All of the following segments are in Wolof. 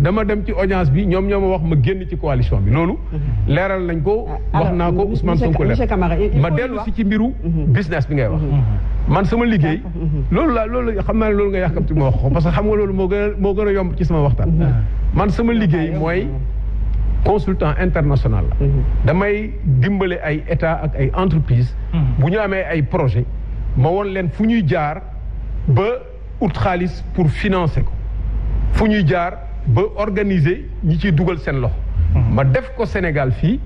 dama dem ci audience bi ñoom ñoo ma wax ma génn ci coalition bi loolu. Mhm. leeral nañ ko ah, wax naa ko Ousmane Sonko leer ma dellu si ci mbiru. Mhm. business bi ngay wax. Mhm. man sama liggéey. loolu laa loolu xam naa ne loolu nga yàkkamti ma wax ko parce que xam nga loolu moo gën a moo gën a yomb ci sama waxtaan. man sama liggéey mooy. consultant international la. damay dimbale ay état ak ay entreprise bu ñu amee ay projet ma won leen fu ñuy jaar ba ut xaalis pour financer ko fu ñuy jaar. ba organiser ñi ciy dugal seen loxo. Hmm. ma def ko Sénégal fii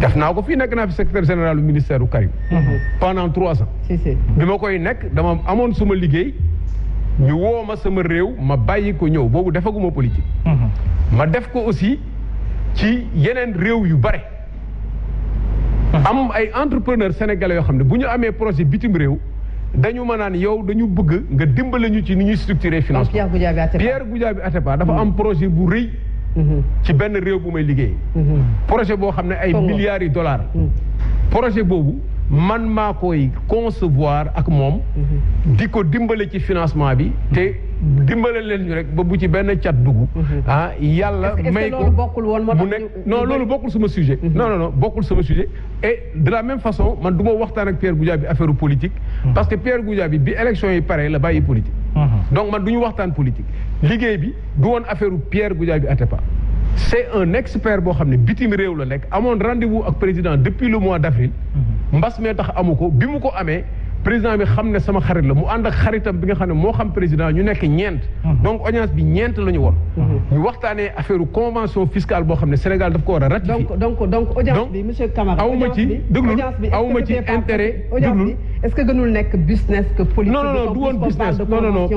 def naa ko fii nag naa fi secrétaire général du ministère u Karim hmm. trois ans bi ma koy nekk dama amoon suma liggéey ñu woo ma sama réew ma bàyyi ko ñëw boobu defaguma politique hmm. ma def ko aussi ci yeneen réew yu bare am ay entrepreneur sénégalais yoo xam ne bu ñu amee projet bitim réew dañu ma naan yow dañu bëgg nga dimbale ñu ci ni ñuy structurer finance Pierre Goudiaby Atepa dafa am mm-hmm. projet bu rëy mm-hmm. ci benn réew bu may liggéey mm-hmm. projet boo xam ne ay milliards yi dollars projet boobu man maa koy concevoir ak moom di ko dimbale ci financement bi te dimbale leen ñu rek ba bu ci benn cat dugg. Mhm. ah yàlla may ko mu nekk noo loolu bokkul sama sujet. Mhm. non non non bokkul sama sujet et de la même façon man du ma waxtaan ak Pierre Goudiaby affaire politique. Mhm. parce que Pierre Goudiaby bi élection yi pare la bàyyi politique. donc man du ñu waxtaan politique. liggéey bi du woon affaire Pierre Goudiaby Atepa. c'est un expert boo xam ne bitim réew la nekk amoon rendez-vous ak président depuis le mois d'avril. mbas mee tax amu ko bi mu ko amee. président bi xam ne sama xarit la mu ànd ak xaritam bi nga xam ne moo xam président ñu nekk ñeent. Mhm. donc audience bi ñeent la ñu woon. Mhm. ñu waxtaanee affaire convention fiscale boo xam ne Sénégal daf ko war a ratifié. donc donc donc audience bi monsieur Camara. aw ma ci déglu aw ma ci intérêt déglu est-ce que gënul nekk business que politique. non non du woon business non non non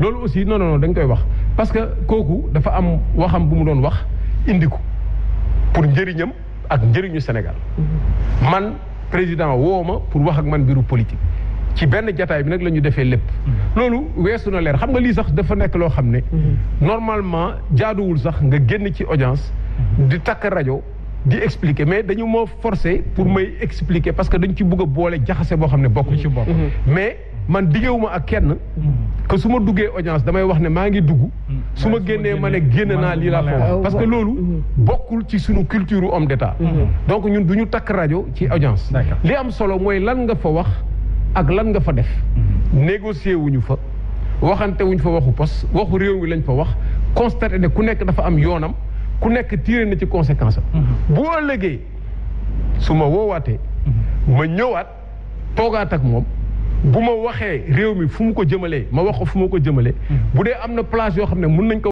loolu aussi non non non dañ koy wax. parce que kooku dafa am waxam bu mu doon wax indi ko pour njëriñam ak njëriñu Sénégal mhm. président woo ma pour wax ak man mbiru politique ci benn jataay bi nag la ñu defee lépp loolu weesu na leer xam nga lii sax dafa nekk loo xam ne normalement jaaduwul sax nga génn ci audience di takk rajo di expliquer mais dañu ma force pour may expliquer parce que dañ ci bugg a boole jaxase boo xam ne bokk ci bokk mais man diggéewuma ak kenn que su ma duggee audience damay wax ne maa ngi dugg su ma génnee ma ne génn naa lii laa foofu parce que loolu bokkul ci suñu culture homme d'état donc ñun du ñu takk rajo ci audience li am solo mooy lan nga fa wax ak lan nga fa def négocier wuñu fa waxante wuñ fa waxu pos waxu réew mi lañ fa wax constaté de ku nekk dafa am yoonam ku nekk tiré na ci conséquence am mhm. bu ëllëgee su ma woowaatee ma ñëwaat toogaat ak moom bu ma waxee réew mi fu mu ko jëmalee ma wax ko fu ma ko jëmalee hmm. bu dee am na place yoo xam ne mun nañ ko